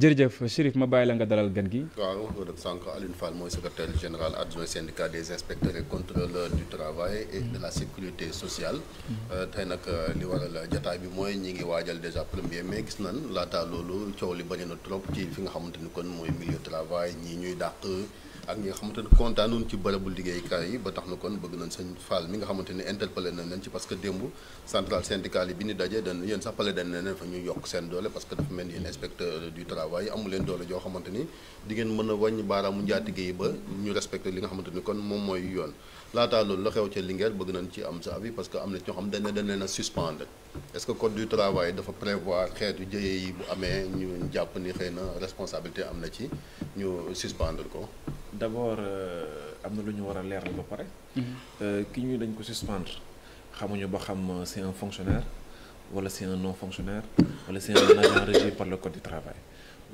jërëjëf Chérif ma bàyyi la nga dalal gan gi. waaw wax nga rek sànq Alioune Fall mooy secrétaire général adjoint syndicat des inspecteurs et contrôleurs du travail et de la sécurité sociale. Mm-hmm. Euh, tey nag euh, li waral jataay bi mooy ñi ngi waajal déjà premier mais gis nañ laata loolu coow li bañ na trop ci fi nga xamante ni kon mooy milieu travail ñii ñuy dàq. ak ñi nga xamante ne kontaanoon ci bërëbu liggéeykaay yi ba tax na kon bëgg nañ sëñ Fall mi nga xamante ne interpellé nañ leen ci parce que démb centrale syndicale bi ñu dajee dañ yéen sax pale dañ ne fa ñu yokk seen doole parce que dafa mel ni yéen inspecteur du travail amu leen doole joo xamante ni mën a wàññi baaraamu njaatige yi ba ñu respecté li nga xamante ni kon moom mooy yoon laataa loolu la xew ca Linguère bëgg nañ ci am sa avis parce que na ñoo xam dañ ne dañ a que code du travail dafa prévoir xeetu jëye yi bu amee jàpp ni xëy na responsabilité am na ci ñu suspendre ko d' abord euh, am na lu ñu war a leeral ba pare. Mhm. Euh, ki ñu dañ ko suspendre xamuñu ba xam euh, c' est fonctionnaire wala c' est un non fonctionnaire wala c' est par le code du travail.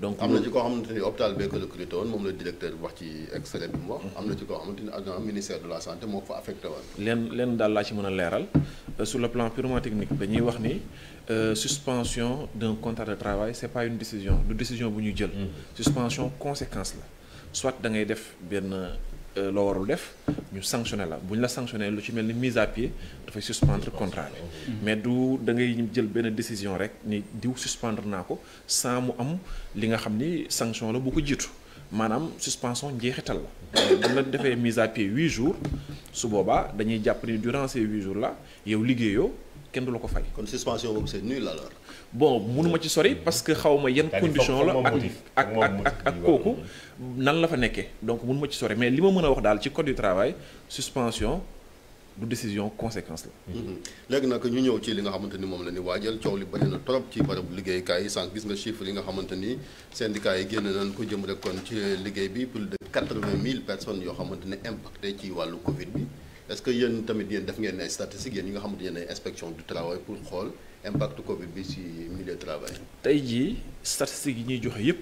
donc am na ci koo xamante ni hôpital bee ko recruté woon moom la directeur bi wax ci extrait bi mu wax. Mhm. am na ci koo xamante ni agent ministère de la santé moo fa affecté woon. leen leen daal laa ci mën a leeral sur le plan purement technique dañuy wax ni suspension d' un de travail c' est pas une décision du décision bu ñuy jël. Mhm. suspension conséquence la. soit da ngay def benn euh, loo warul def ñu sanctionné la bu ñu la sanctionné lu ci mel ni mise à pied dafay suspendre contrat bi mais du da ngay jël benn décision rek ni diw suspendre naa ko sans mu am li nga xam ni sanction la bu ko jiitu maanaam suspension njeexital la bu la defee mise à pied huit jours su boobaa dañuy jàpp ni durant ces huit jours la yow liggéeyoo kenn du la ko fay. kon suspension boobu c'est nul alors. bon mënu ma ci sori parce que xaw ma yan condition la ak ak ak ak kooku nan la fa nekkee donc mënu ma ci sori mais li ma mën a wax daal ci code du travail suspension du décision conséquence la. Mhm. léegi nag ñu ñëw ci li nga xamante ni moom la ni waajal coow li bari na trop ci barabu liggéeykaay yi sànq gis nga chiffre yi nga xamante ni syndicats yi génn nañ ko jëm rek kon ci liggéey bi plus de quatre-vingt mille personnes yoo xamante ne impacté ci wàllu Covid bi. est-ce que yéen tamit yéen def ngeen ay statistiques yéen ñi nga xamante ne inspection du travail pour xool impact Covid bi ci milieu travail. tey jii statistiques yi ñuy joxe yëpp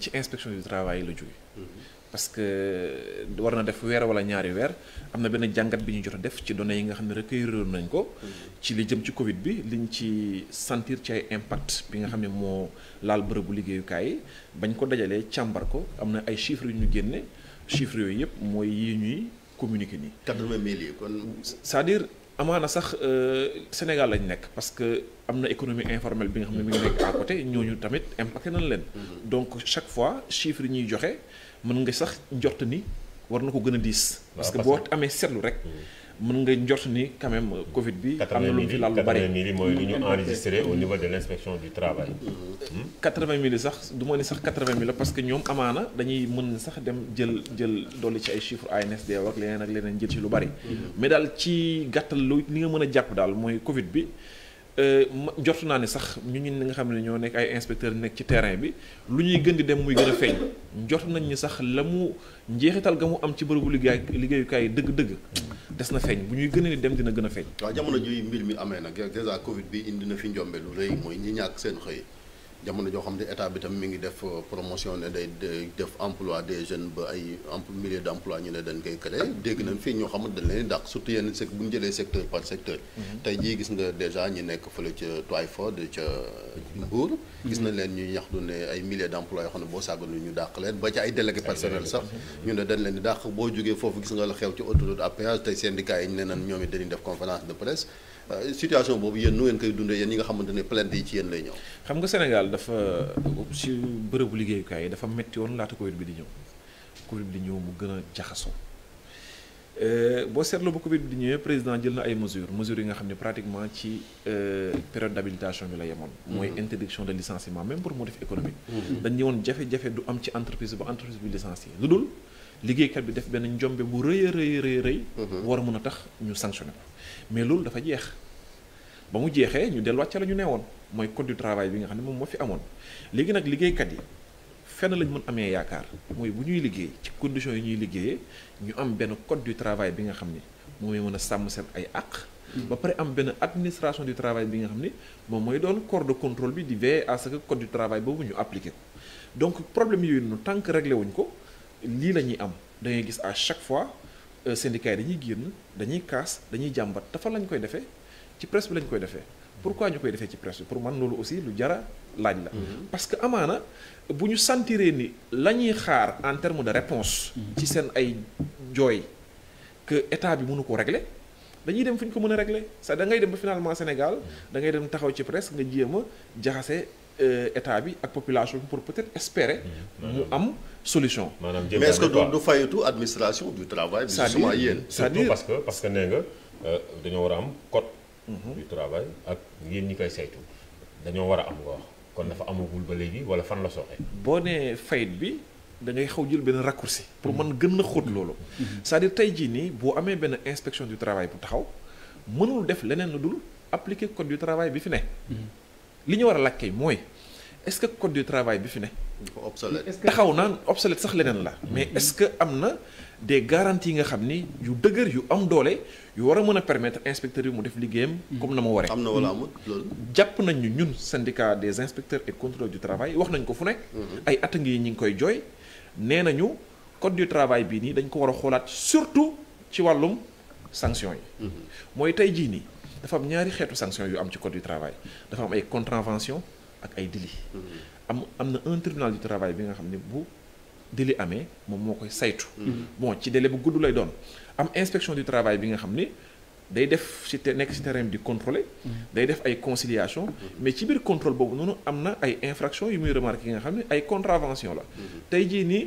ci inspection du travail la jóge mm-hmm. parce que euh, war na def weer wala ñaari weer am na benn jàngat bi ñu jot a def ci données yi nga xam ne recueillir nañ ko. Mm-hmm. ci li jëm ci Covid bi liñ ci sentir ci ay impact bi nga xam ne moo laal bërëbu liggéeyukaay bañ ko dajalee càmbar ko am na ay chiffres yu ñu génne chiffres yooyu yëpp mooy yi communiqué nii. 80 mille kon. c'est-à-dire amaana sax euh, Sénégal lañ nekk parce que am na économie informelle bi nga xam ne mi ngi nekk à côté ñooñu tamit impacté na leen. Mhm. donc chaque fois chiffre yi ñuy joxe mën nga sax njort ni war na ko gën a diis. parce que boo amee seetlu rek. Mhm. mën nga njort ni quand même euh, Covid bi. am na lu mu fi laal lu bari 80 000 mooy li ñu mm-hmm. enregistré au niveau de l' inspection du travail. 80 mm-hmm. 000 sax du ma ni sax 80 000 la parce que ñoom amaana dañuy mën sax dem jël jël dolli ci ay chiffres ANSD ak leneen ak leneen jël ci lu bari. Mm-hmm. mais daal ci gàttal lu li nga mën a jàpp daal mooy Covid bi. Euh, jot naa ne sax ñu ñun ñi nga xam ne ñoo nekk ay inspecteur nekk ci terrain bi lu ñuy gën di dem muy gën a feeñ jot nañ ni sax la mu njeexital ga mu am ci bërëbu liggéey liggéeyukaay dëgg-dëgg des na feeñ bu ñuy gën a dem dina gën a feeñ. waaw jamono ji mbir mi amee nag déjà Covid bi indi na fi njombe lu rëy mooy ñi ñàkk seen xëy. jamono joo xam ne état bi tam mi ngi def euh, promotion ne day def emplois de jeunes ba ay emploi milliers d' emploi ñu ne dañ koy créé dégg nañ fii ñoo xamante dañ leen dàq surtout yenn sec bu ñu jëlee secteur par secteur. Mm-hmm. tey jii gis nga dèjà ñu nekk fële ca Twyford ca Mbour. Mm-hmm. gis nañ leen ñuy ñaxtu ne ay milliers d' emploi yoo xam ne boo sàggoon ñu dàq leen ba ci ay délégué personnel sax. ñu ne dañ leen di dàq boo jógee foofu gis nga la xew ci autoroute à péage tey syndicats yi ne n ñoom it dañuy def conférence de presse. Euh, situation boobu yéen nu ngeen koy dundee yéen ñi nga xamante ne plainte yi ci yéen lay ñëw. xam nga Sénégal dafa si bërëbu liggéeyukaay yi dafa metti woon laata Covid bi di ñëw Covid bi di ñëw mu gën a jaxasoo euh, boo seetloo ba Covid bi di ñëwee président jël na ay mesures mesures yi nga xam ne pratiquement ci euh, période d'habilitation bi la yemoon. Mm-hmm. mooy interdiction de licenciement même pour motif économique. Mm-hmm. dañ woon jafe-jafe du am ci entreprise ba entreprise bi licencié lu dul. liggéeykat bi def benn njombe bu rëy a rëy rëy rëy mhm. war a mën a tax ñu sanctionné mais loolu dafa jeex ba mu jeexee ñu delluwaat ca la ñu neewoon mooy code du travail bi nga xam ne moom moo fi amoon léegi nag liggéeykat yi fenn lañ mën amee yaakaar mooy bu ñuy liggéey ci conditions yi ñuy ñu am benn code du bi nga xam ni moom mën a sàmm seen ay àq. Mhm. ba pare am benn administration du travail bi nga xam ni moom mooy doon corps de contrôle bi di veiller à ce que code du travail boobu ñu appliqué ko donc problème yooyu noonu tant que wuñ ko lii la ñuy am da ngay gis à chaque fois euh, syndicats yi dañuy génn dañuy kaas dañuy jàmbat te fan lañ koy defee ci presse bi lañ koy defee pourquoi ñu koy defee ci presse bi pour man loolu aussi lu jara laaj la. Mhm. parce que amaana bu ñu sentiree ni la ñuy xaar en terme de réponse mhm. ci seen ay jooy que état bi mënu ko regle dañuy dem fu ñu ko mën a régler c'est da ngay dem ba finalement Sénégal mhm. dangay dem taxaw ci presse nga jéem a jaxase. Euh, état bi ak population bi pour peut-être espérer. Mm-hmm. mu am solution. maanaam mais est-ce que du fayatu administration du travail. c'est-à-dire yéen surtout parce que parce que nee nga euh, dañoo war a am code. Mm-hmm. du travail ak yéen ñi koy saytu dañoo war a am nga wax kon dafa amagul ba léegi wala fan la soxee. boo nee fayt bi. da xaw jël benn raccourci pour mën gën a xóot loolu mm-hmm. cest à tey jii nii boo amee benn inspection du travail bu taxaw mënul def leneen lu dul appliquer code du travail bi fi ne li ñu war a laaj mooy est-ce que code du travail bi fi ne. taxaw naan obsolète sax leneen la. mais mm-hmm. est-ce que am na des garanties yi nga xam ni yu dëgër yu am doole yu war a mën a permettre inspecteur yi mu def liggéeyam. Mm-hmm. comme na ma waree. am na wala amul loolu. jàpp nañ ñu ñun syndicat des inspecteurs et contrôleurs du travail wax nañ ko fu nekk. Mm-hmm. ay at ngi ñu ngi koy jooy nee ñu code du travail bii nii dañ ko war a xoolaat surtout ci wàllum sanction yi. mooy tey jii nii dafa am ñaari xeetu sanction yu am ci code du travail am ay contravention ak ay dili mm-hmm. am am na un tribunal du travail bi nga xam ne bu délit amee moom moo koy saytu. Mm-hmm. bon ci délai bu gudd lay doon am inspection du travail bi nga xam ni day def ci nekk ci terrain di contrôler mm-hmm. day def ay conciliation mais ci biir contrôle boobu noonu am na ay infraction yu muy remarqué yi nga xam ne ay contravention la tey jii nii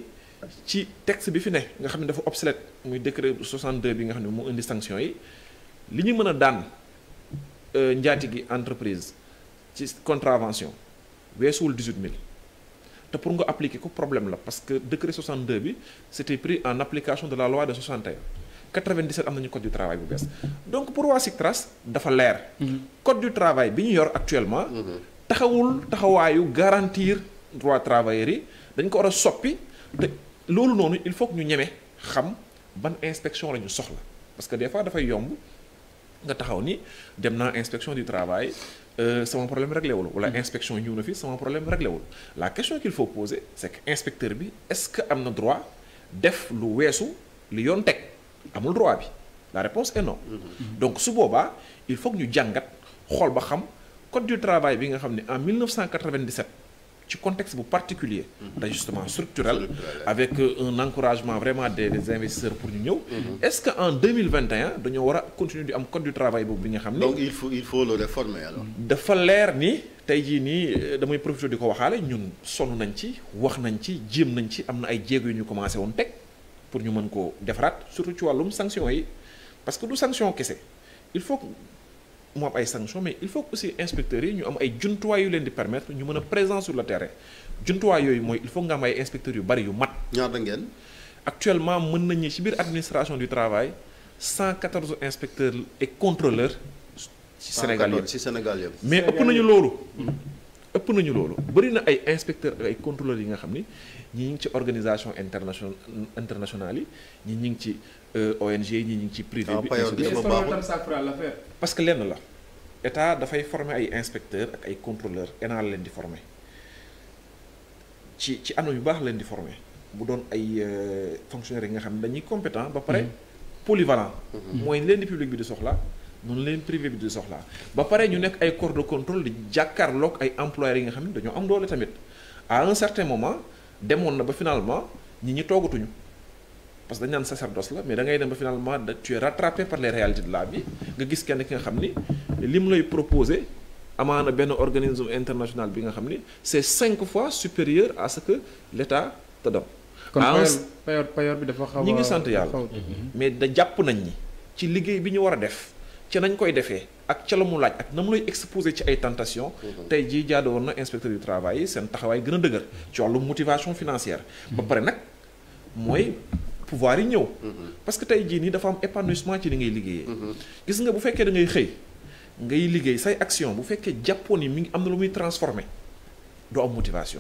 ci texte bi fi ne nga xam ne dafa obsolète muy décret 62 bi nga xam ne mu indi yi li ñu mën a daan euh, njaati gi entreprise ci contravention weesuwul 18000 te pour nga appliquer ko problème la parce que décret 62 bi c'était pris en application de la loi de 61 97 am nañu code du travail bu bees donc pour waa Sictras dafa leer. Mhm. code du travail bi ñu yor actuellement. Mhm. taxawul taxawaayu garantir droit travailleurs dañ ko war a soppi te loolu noonu il faut ñu ñeme xam ban inspection la ñu soxla parce que des fois dafay yomb nga taxaw ni dem naa inspection du travail euh, sama problème réglé wul wala mm-hmm. inspection ñëw na fi sama problème réglé wul la question qu'il faut poser c'est que inspecteur bi est-ce que am na droit def lu weesu li yoon teg amul droit bi la réponse est non mm-hmm. Mm-hmm. donc su boobaa il faut que ñu jàngat xool ba xam code du travail bi nga xam ne en 1997 ci contexte bu particulier mhm. d'ajustement structurel avec euh, un encouragement vraiment des des investisseurs pour ñu ñëw mhm. est-ce que en 2021 dañoo war a continuer di am code du travail boobu bi nga xam ni donc il dafa leer ni tey jii nii euh, damay profité di ko waxaale ñun sonn nañ ci wax nañ ci jéem nañ ci am na ay jéego yu ñu commencé woon teg pour ñu mën ko defaraat surtout ci wàllum sanction yi parce que du sanction kese il faut moo am ay sanctions mais il faut aussi inspecteurs yi ñu am ay jumtuwaay yu leen di permettre ñu mën a présent sur le terrain jumtuwaay yooyu mooy il faut nga am ay inspecteurs yu bari yu mat. ñaata ngeen. actuellement mën nañu ci biir administration du travail cent quatorze inspecteurs et contrôleurs. ci Sénégal yëpp ah, ci Sénégal yëpp mais ëpp nañu loolu. ëpp nañu loolu bëri na ay inspecteur ak ay yi nga xam ni ñi ngi ci organisation internationale internationale yi ñi ñu ngi ci euh, ONG yi ñu ngi ci privé bi ah, parce que lenn la état dafay former ay inspecteur ak ay contrôleur ENA leen di former ci ci anam yu baax leen di former bu doon ay euh, fonctionnaires yi nga xam ne dañuy compétent ba pare mm-hmm. polyvalent mm-hmm. mooy leen di public bi di soxla noonu leen privé bi di soxlaa ba pare ñu nekk ay corps de contrôle di jàkkaarloog ay employeurs yi nga xam ne dañoo am doole tamit à un certain moment demoon na ba finalement ñi ñi toogatuñu parce que dañ naan sacerdoce la mais da dem ba finalement da tu es rattrapé par les réalités de la kenn ki nga xam ni li mu lay proposé amaana benn organisme international bi nga xam ni c'est cinq fois supérieur à ce que l'État te donne. kon payoor payoor bi dafa xaw ñi sant yàlla mais da jàpp nañ ñi ci liggéey bi ñu war a def. ca nañ koy defee ak ca la mu laaj ak na mu lay exposé ci ay tentation mhm. tey jii jaadu woon na inspecteur du travail yi seen taxawaay gën a dëgër ci wàllu motivation financière ba mhm. pare nag mooy pouvoir yi ñëw mhm. parce que tey jii nii dafa am épanouissement ci li ngay liggéeyee gis nga bu fekkee da xëy ngay liggéey say action bu fekkee jàppoon yi mi ngi am na lu muy transformé doo am motivation.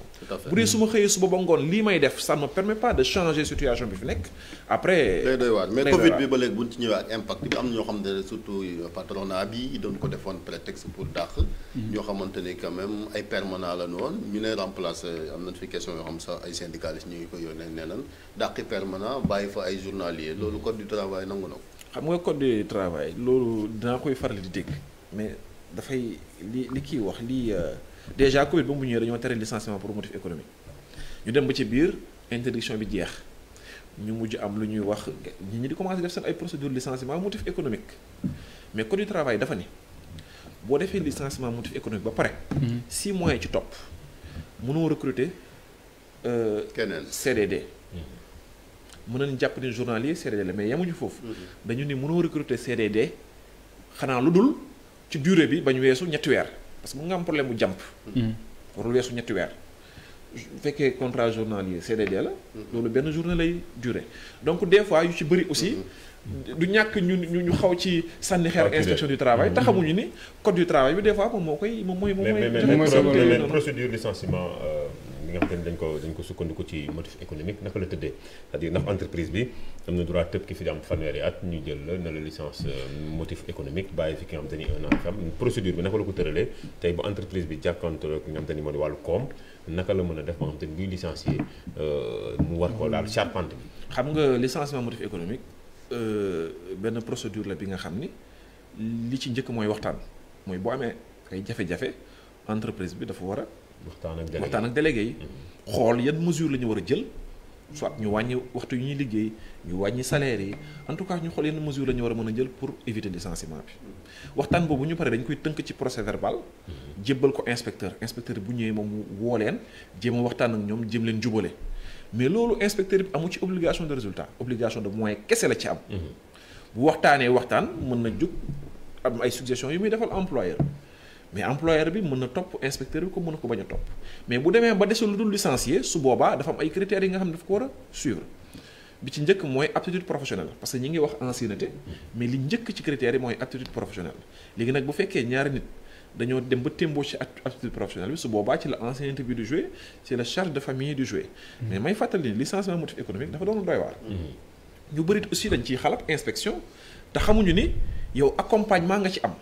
bu dee su ma xëyee suba ba ngoon lii may def ça me permet pas de changer situation bi fi nekk après. day doy waar mais Covid bi ba léegi bu ci ñëwee ak impact bi am na ñoo xam surtout patronat bi doon ko defoon prétexte pour dàq. Mhm. ñoo xamante ni ay permanent la ñu ñu ne remplacé am na fi question yoo xam sax ay syndicalistes ñu ngi ko yónnee nee nañ dàqi permanent bàyyi fa ay journaliers mhm. loolu code du travail nangu na xam nga code du travail di déjà Covid ba mu ñëwee dañoo tere licenciement pour motif économique ñu dem ba ci biir interdiction bi jeex ñu mujj am lu ñuy wax ñi ñi di commencé def seen ay procédure licenciement motif économique mais code du travail dafa ni boo defee licenciement motif économique ba pare. 6 mhm. mois yi ci topp mënoo recruter. Euh, keneen CDD. Mhm. mën nañ jàpp ni journalier CDD la mais yemuñu foofu. Mhm. dañu ni mënoo recruter CDD xanaa lu dul ci dure bi ba ñu weesu ñetti weer. parce que mën nga am problème bu jàmp mm. warul weesu ñetti weer bu fekkee contrat journalier CDD la mm. loolu benn journée lay durer donc des fois yu ci bëri aussi mm. du ñàkk ñu ñu ñu xaw ci sànni xeer inspection du travail te ni code du travail bi des fois moom moo koy moom mooy moom mooy procédure licenciement euh, nga xam te ne ko sukkandiku ci motif économique naka la tëddee c'est-à-dire ndax entreprise bi am na droit tëb ki ñu jël la na la euh, économique bàyyi fi ki xam te ni am procédure bi naka la ko tëralee tey bu entreprise bi jàkkaantoo ki nga xam te ni moo naka la mën a def ba nga xam te ni buy licencier euh, mu war ko daal charpente bi xam nga licenciement motif économique euh, benn procédure la bi nga xam ni li ci njëkk mooy waxtaan mooy boo amee ay jafe-jafe entreprise bi dafa war a waxtaan ak délégué yi xool yan mesure la ñu war a jël soit ñu wàññi waxtu yu ñuy liggéey ñu wàññi salaire yi en tout cas ñu xool yan mesure la ñu war mën a jël pour éviter licenciement bi waxtaan boobu ñu pare dañ koy tënk ci procès verbal jébbal ko inspecteur inspecteur bu ñëwee moom woo leen jéem a waxtaan ak ñoom jéem leen jubale mais loolu inspecteur bi amu ci obligation de résultat obligation de moyen kese la ci am mhm. bu waxtaanee waxtaan mën na jug am ay suggestions yu muy defal employeur mais employeur bi mën na topp inspecteur bi ko mën na ko bañ a topp mais bu demee ba desul lu dul licencié su boobaa dafa am ay critères yi nga xam ne dafa ko war a suivre bi ci njëkk mooy aptitude professionnelle parce que ñi ngi wax ancienneté mais li njëkk ci critères yi mooy aptitude professionnelle léegi nag bu fekkee ñaari nit dañoo dem ba témboo ci aptitude professionnelle bi su boobaa ci la ancienneté bi du jouer ci la charge de famille du jouer mais may fàttali ni licenciement motif économique dafa doon doy mm-hmm. ni yow accompagnement nga ci am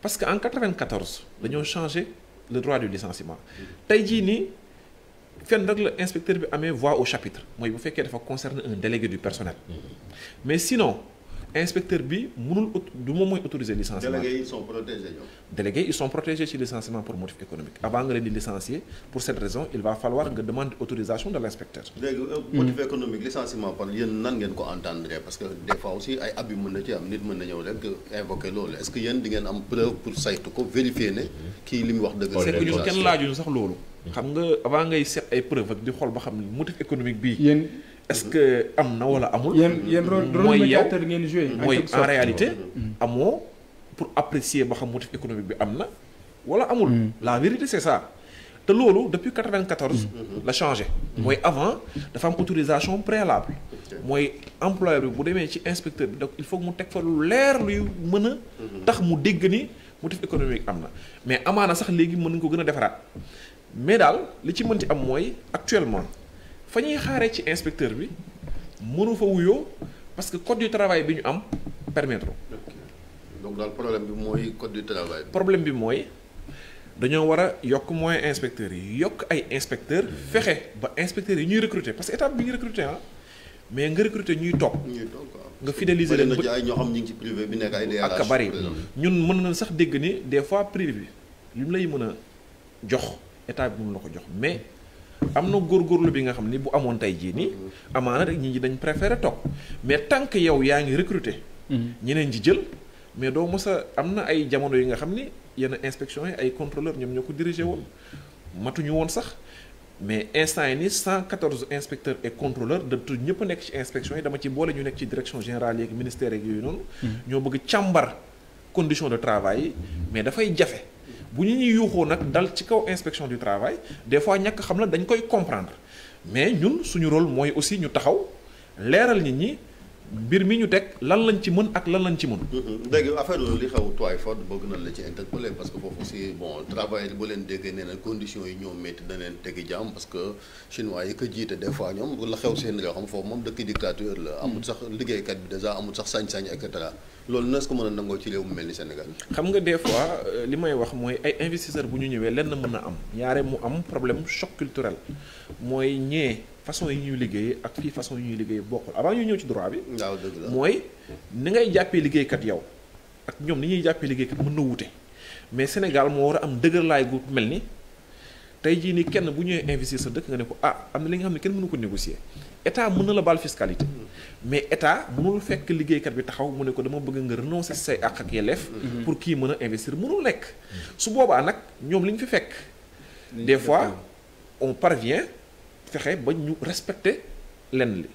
parce que en 94 dañoo changé le droit du licenciement tey jii nii fenn rek la inspecteur bi amee voix au chapitre mooy bu fekkee dafa concerner un délégué du personnel mm-hmm. mais sinon inspecteur bi mënul du moom mooy autoriser licenciement délégués ils sont protégés ci licenciement pour motif économique avant nga leen di licencier pour cette raison il va falloir nga demande autorisation de l' inspecteur. léegi euh, motif économique licenciement par yéen nan ngeen ko entendre parce que des fois aussi ay abus na ci am nit mën na ñëw rek invoquer loolu est ce que yéen di ngeen am preuve pour saytu ko vérifier ne kii li wax dëgg. c'est que ñun kenn est-ce que am na wala amul. yéen yéen rôle médiateur ngeen joué. mooy en réalité. Mm. Mm. amoo pour apprécier ba xam motif économique bi am na wala amul. Mm. la vérité c'est ça. te loolu depuis 94. Mm-hmm. la changé. mooy avant dafa am autorisation préalable. mooy employeur bu demee ci inspecteur bi donc il faut mu teg fa lu leer luy mën a. Mm-hmm. tax mu dégg ni motif économique am na mais amaana sax léegi mën nañu ko gën a defaraat mais daal li ci mënti am mooy actuellement. fa ñuy xaaree ci inspecteur bi mënu fa wuyoo parce que code du travail bi ñu am permettre donc daal problème bi mooy code du problème bi mooy dañoo war a yokk mooy inspecteurs yi yokk ay inspecteurs mhm. fexe ba inspecteurs yi ñuy recruter parce que étape bi ñuy recruter ah, mais nga ñuy toog. ñuy toog nga fidéliser leen ba xam ñu ngi ci privé bi nekk ay DRH ak bari ñun mën na sax dégg ni des privé bi li mu lay mën a jox état bi mu la ko jox mais. am na góorlu bi nga xam ni bu amoon tey jii nii amaana rek ñi ñi dañ préféré toog mais tant que yow yaa ngi recruter. Mhm. ñeneen ji jël mais doo mos am na ay jamono yi nga xam ni yenn inspection yi ay contrôleur ñoom ñoo ko dirigé woon matuñu woon sax mais instant yi nii 114 inspecteurs et contrôleurs de tout ñëpp nekk ci inspection yi dama ci boole ñu nekk ci direction général yeeg ministère yeeg yooyu noonu. Mhm. ñoo bëgg càmbar condition de travail yi mais dafay jafe. bu ñu ñuy yuuxoo nag dal ci kaw inspection du travail des fois ñàkk xam la dañ koy comprendre mais ñun suñu rôle mooy aussi ñu taxaw leeral nit ñi mbir mi ñu teg lan lañ ci mën ak lan lañ ci mën. Mm-hmm. dégg affaire loolu li xaw Toy Ford bëgg na la ci interpeller parce que foofu aussi bon travail bu leen déggee nee na conditions yi ñoom métti na leen tegi jàmm parce que chinois yi ko jiite des fois ñoom la xew seen yoo xam foofu moom dëkk dictature la. Mm-hmm. amul sax liggéeykat bi déjà amul sax sañ-sañ et cetera loolu nees ko mën a nangoo ci réew mu mel ni Sénégal. xam nga des fois euh, li may wax mooy ay investisseurs bu ñu ñëwee lenn mën a am ñaare mu am problème choc culturel mooy façon yi ñuy liggéey ak fii façon yi ñuy liggéey bokkul avant ñu ñëw ci droit bi. la mooy ni ngay jàppee liggéeykat yow ak ñoom ni ñuy jàppee liggéeykat mën na wute mais Sénégal moo war a am dëgërlaay gu mel ni tey jii nii kenn bu ñëwee investir sa dëkk nga ne ko ah am na li nga xam ne kenn mënu ko négocier état mën na la baal fiscalité mais état mënul fekk liggéeykat bi taxaw mu ne ko dama bëgg nga renoncer say àq ak yelleef. Mhm. pour kii mën a investir mënul nekk. su boobaa nag ñoom li ñu fi fekk. des fois on parvient. fexe bañ ñu respecter lenn li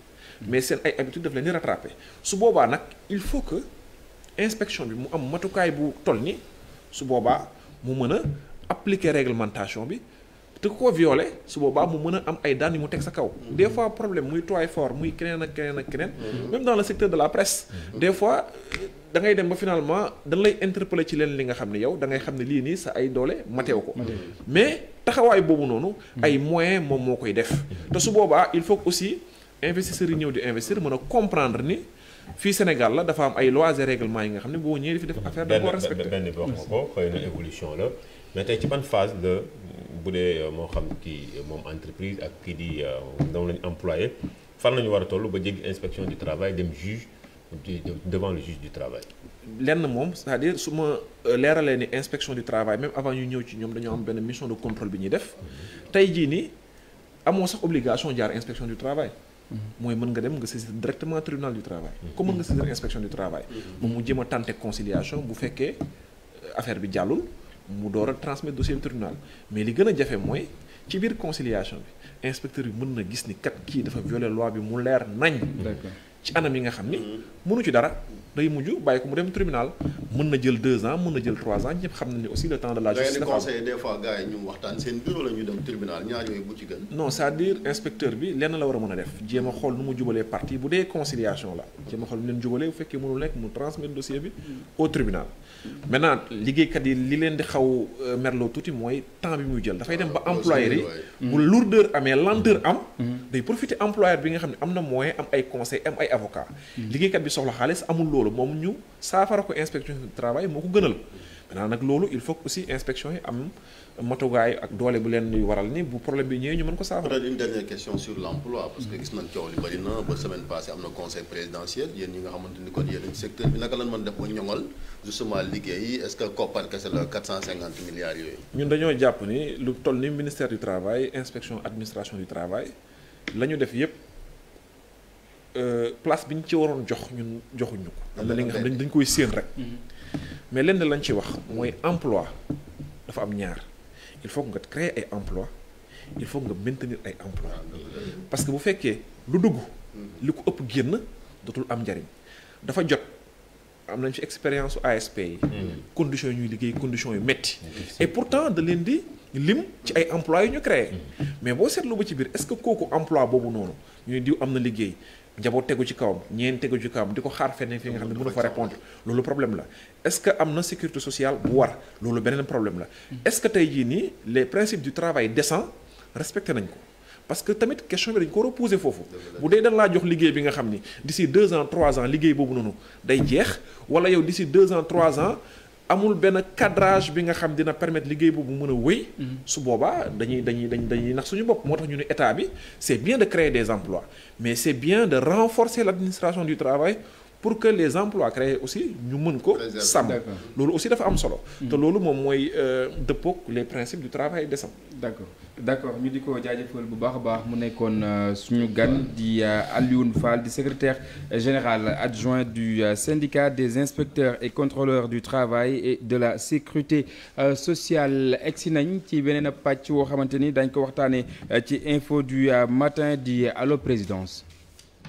mais seen ay habitude daf leen di rattrapé su boobaa nag il faut que inspection bi mu am matukaay bu toll ni su boobaa mu mën a appliquer réglementation bi te ku ko violé su boobaa mu mën a am ay daan yu mu teg sa kaw. des fois problème muy toy fort muy keneen ak keneen ak keneen. même dans le secteur de la presse. des fois da dem ba finalement dañ lay interpeller ci leen li nga xam ne yow da ngay xam ne lii nii sa ay doole mateew ko. mais taxawaay boobu noonu. ay moyen moom moo koy def. te su boobaa il faut aussi investisseurs yi ñëw di investir mën a comprendre ni. fii Sénégal la dafa am ay lois et règlements yi nga xam ne boo ñëwee dafa def affaire da koo respecté benn la. mais tey ci man phase la bu dee euh, moo xam kii euh, moom entreprise ak kii di dama euh, lañu employé fan lañu war a toll ba jeg inspection du travail dem juge devant le juge du travail. lenn moom cest à su ma leeralee ni inspection du travail même avant ñu ñëw ci ñoom dañoo am benn mission de contrôle bi ñuy def mm-hmm. tey jii ni amoo sax obligation jaar inspection du travail. Mm-hmm. mooy mën nga dem nga saisir directement tribunal du travail. Mm-hmm. comme mën nga saisir inspection du travail. moom mu jéem a tenter bu fekkee affaire bi jàllul. mu door a transmettre dossier bi tribunal mais li gën a jafe mooy ci biir conciliation bi inspecteur bi mën na gis ni kat kii dafa violer loi bi mu leer nañ. ci anam yi nga xam ni mënu ci dara day mujj bàyyi ko mu dem tribunal mën na jël deux ans mën na jël trois ans ñëpp xam nañ ni aussi le temps de la justice. dafa conseil des fois gars yi ñu waxtaan seen bureau la dem tribunal ñaar yooyu bu ci gën. non cest à inspecteur bi lenn la war a mën a def jéem a xool nu mu jubalee partie bu dee conciliation la jéem a xool nu mu fekkee mënul nekk mu transmettre dossier maintenant liggéeykat yi li leen di xaw euh, merloo tuuti mooy temps bi muy jël dafay dem ba ah, employeur yi bu lourdeur amee lenteur am mm-hmm. day profiter employeur bi nga xam ne am na moyen am ay conseil am ay avocat mm-hmm. liggéeykat bi soxla xaalis amul loolu moom ñu saafara ko inspection du travail moo ko gënal maintenant nag loolu il faut aussi inspection yi am matuwaay ak doole bu leen waral ni bu problème bi ñëwee ñu mën ko saafara. peut-être une dernière question sur l'emploi parce que gis nañ xamante ni kon yéen secteur bi naka lañ mën def ba ñoŋal justement liggéey est-ce que koppar kese la 450 milliards yooyu. ñun dañoo jàpp ni lu toll ni ministère du travail inspection administration du travail la ñu def yépp euh, place bi ñu ci waroon jox ñun joxuñu ko. am na li nga xam dañ dañ koy séen rek. Mm-hmm. mais lenn lañ ci wax mooy emploi dafa am ñaar il faut nga créer ay emploi il faut nga maintenir ay emploi parce que bu fekkee lu dugg li ko ëpp génn dootul am njariñ dafa jot am nañ ci expérience ASP yi. Hmm. conditions yi ñuy liggéey condition yu métti. Hmm. et pourtant da leen di lim ci ay emploi yu ñu créé. Hmm. mais boo seetlu ba ci biir est-ce que kooku emploi boobu noonu ñu diw am na liggéey njaboot tegu ci kawam ñeen tegu ci kawam di ko xaar feneen fi nga xam ne mënu fa répondre loolu problème la est-ce que am na sécurité sociale bu war loolu beneen problème la. est-ce que tey jii nii les principes du travail décent respecté nañ ko. parce que tamit question bi dañ ko war foofu bu dee dañ laa jox liggéey bi nga xam ni d'ici deux ans trois ans liggéey boobu noonu day jeex wala yow di si deux ans trois ans amul benn cadrage bi nga xam dina permettre liggéey boobu mën a wéy su boobaa dañuy dañuy dañ dañuy nax suñu bopp moo tax ñu ne état bi c'est bien de créer des emplois mais c'est bien de renforcer l'administration du travail pour que les emplois créés aussi ñu mën ko sàmm loolu aussi dafa am solo mm-hmm. te loolu moom mooy euh, dëppoog les principes du travail décent d'accord d'accord ñu di ko jaajëfal bu baax a baax mu nekkoon euh, suñu gan di euh, Alioune Fall di secretaire général adjoint du syndicat des inspecteurs et contrôleurs du travail et de la sécurité sociale egsi nañ ci beneen pàcc woo xamante ni dañ ko waxtaanee ci info du matin di Allo Présidence